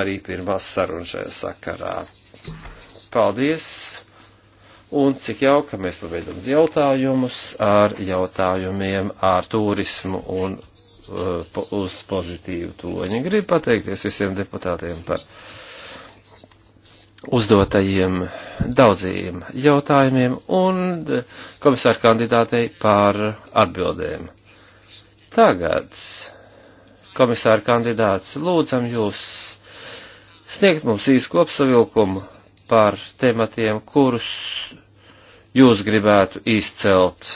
arī pirmās sarunas šajā sakarā. Paldies! Un cik jauka mēs paveidam jautājumus ar jautājumiem ar turismu un uh, uz pozitīvu toņu. Gribu pateikties visiem deputātiem par uzdotajiem daudziem jautājumiem un uh, komisāru kandidātei par atbildēm. Tagad komisāra kandidāts lūdzam jūs sniegt mums īsu kopsavilkumu par tematiem, kurus jūs gribētu izcelt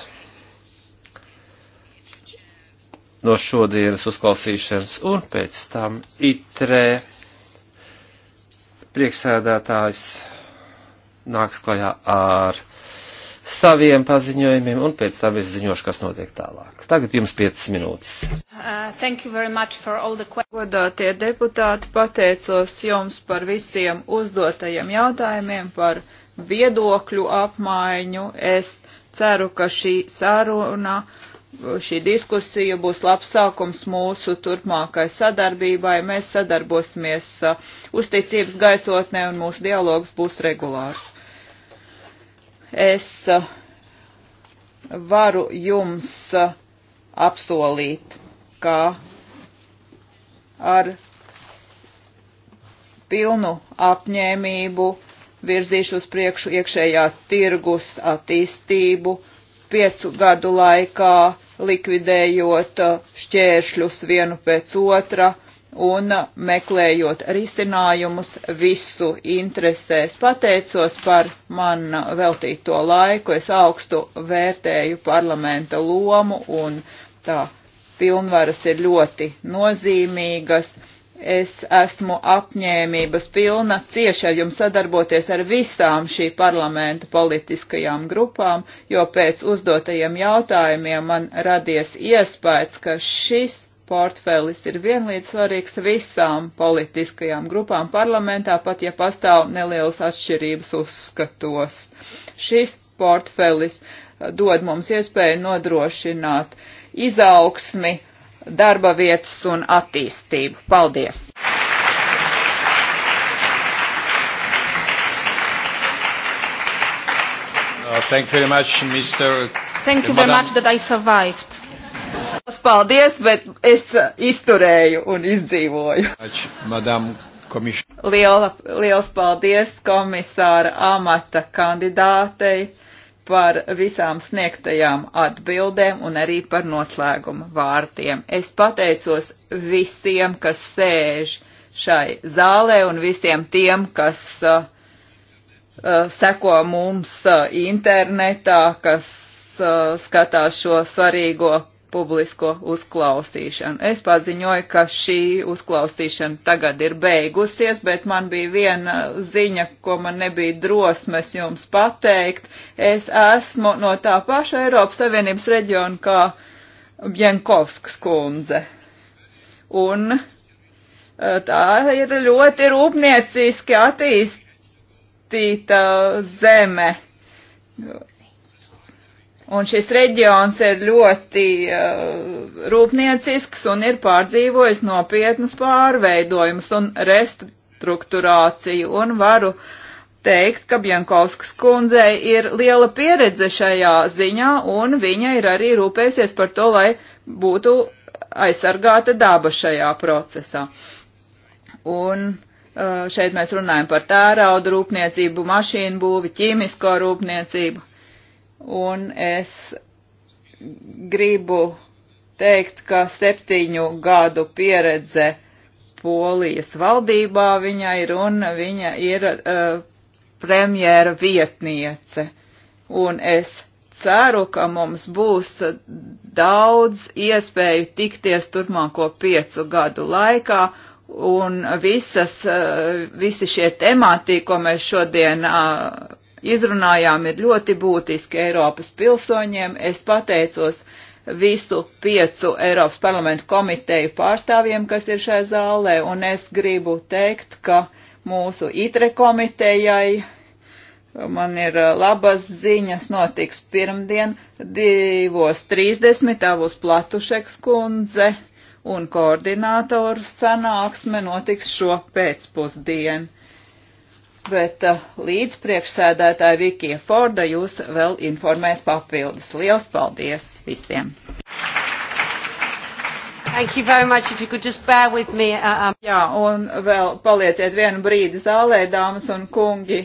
no šodienas uzklausīšanas, un pēc tam itrē priekšsēdētājs nāks klajā ar saviem paziņojumiem, un pēc tam es ziņošu, kas notiek tālāk. Tagad jums 5 minūtes. Uh, Godātie deputāti, pateicos jums par visiem uzdotajiem jautājumiem, par viedokļu apmaiņu. Es ceru, ka šī saruna. Šī diskusija būs labs sākums mūsu turpmākai sadarbībai. Mēs sadarbosimies uh, uzticības gaisotnē un mūsu dialogs būs regulārs es uh, varu jums uh, apsolīt, ka ar pilnu apņēmību virzīšu uz priekšu iekšējā tirgus attīstību piecu gadu laikā likvidējot uh, šķēršļus vienu pēc otra un meklējot risinājumus visu interesēs. Pateicos par man veltīto laiku, es augstu vērtēju parlamenta lomu un tā pilnvaras ir ļoti nozīmīgas. Es esmu apņēmības pilna cieši ar jums sadarboties ar visām šī parlamentu politiskajām grupām, jo pēc uzdotajiem jautājumiem man radies iespējas, ka šis portfelis ir vienlīdz svarīgs visām politiskajām grupām parlamentā, pat ja pastāv nelielas atšķirības uzskatos. Šis portfelis uh, dod mums iespēju nodrošināt izaugsmi, darba vietas un attīstību. Paldies! Uh, thank you very much, Mr. Thank you very much that I survived. Liels paldies, bet es uh, izturēju un izdzīvoju. Madam. Liela, liels paldies komisāra amata kandidātei par visām sniegtajām atbildēm un arī par noslēguma vārtiem. Es pateicos visiem, kas sēž šai zālē un visiem tiem, kas uh, uh seko mums uh, internetā, kas uh, skatās šo svarīgo publisko uzklausīšanu. Es paziņoju, ka šī uzklausīšana tagad ir beigusies, bet man bija viena ziņa, ko man nebija drosmes jums pateikt. Es esmu no tā paša Eiropas Savienības reģiona kā Bjankovskas kundze. Un eh, tā ir ļoti rūpnieciski attīstīta zeme Un šis reģions ir ļoti uh, rūpniecisks un ir pārdzīvojis nopietnas pārveidojumus un restruktūrāciju. Un varu teikt, ka Bjankovskas kundzei ir liela pieredze šajā ziņā un viņa ir arī rūpējusies par to, lai būtu aizsargāta daba šajā procesā. Un uh, šeit mēs runājam par tērauda rūpniecību, mašīnu būvi, ķīmisko rūpniecību un es gribu teikt, ka septiņu gadu pieredze Polijas valdībā viņa ir un viņa ir uh, premjera vietniece. Un es ceru, ka mums būs daudz iespēju tikties turmāko piecu gadu laikā un visas, uh, visi šie temati, ko mēs šodien uh, izrunājām, ir ļoti būtiski Eiropas pilsoņiem. Es pateicos visu piecu Eiropas parlamentu komiteju pārstāvjiem, kas ir šajā zālē, un es gribu teikt, ka mūsu itre komitejai man ir uh, labas ziņas, notiks pirmdien 2.30 tavus platušeks kundze un koordinātoru sanāksme notiks šo pēcpusdienu bet eh, līdz priekšsēdētāja Vikija Forda jūs vēl informēs papildus. Liels paldies visiem! Thank you very much. If you could just bear with me. Uh, um... Jā, un vēl palieciet vienu brīdi zālē, dāmas un kungi.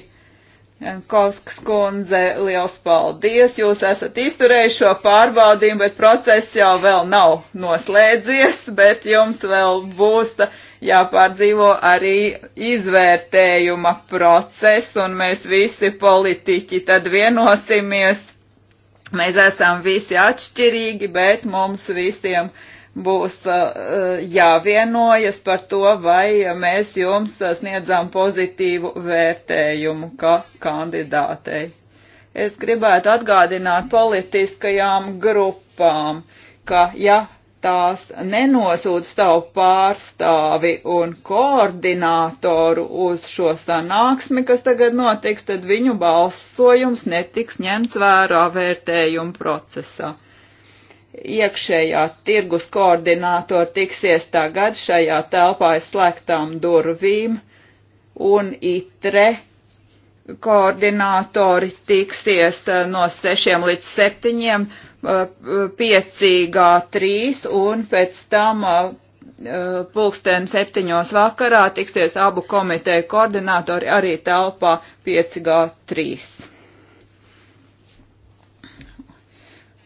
Jankovskas kundze, liels paldies! Jūs esat izturējuši šo pārbaudījumu, bet process jau vēl nav noslēdzies, bet jums vēl būs jāpārdzīvo arī izvērtējuma process, un mēs visi politiķi tad vienosimies. Mēs esam visi atšķirīgi, bet mums visiem būs eh, jāvienojas par to, vai mēs jums sniedzām pozitīvu vērtējumu kā kandidātei. Es gribētu atgādināt politiskajām grupām, ka ja tās nenosūta savu pārstāvi un koordinātoru uz šo sanāksmi, kas tagad notiks, tad viņu balsojums netiks ņemts vērā vērtējumu procesā iekšējā tirgus koordinātori tiksies tagad šajā telpā aizslēgtām durvīm un itre koordinātori tiksies eh, no 6 līdz 7, 5 3 un pēc tam eh, pulksten 7 vakarā tiksies abu komiteju koordinātori arī telpā 5 3.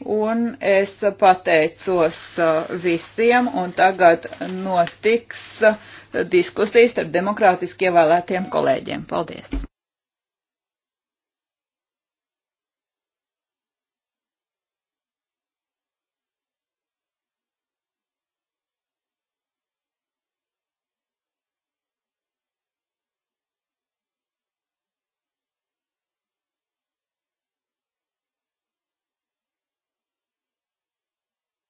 Un es pateicos uh, visiem, un tagad notiks uh, diskusijas ar demokrātiski ievēlētiem kolēģiem. Paldies!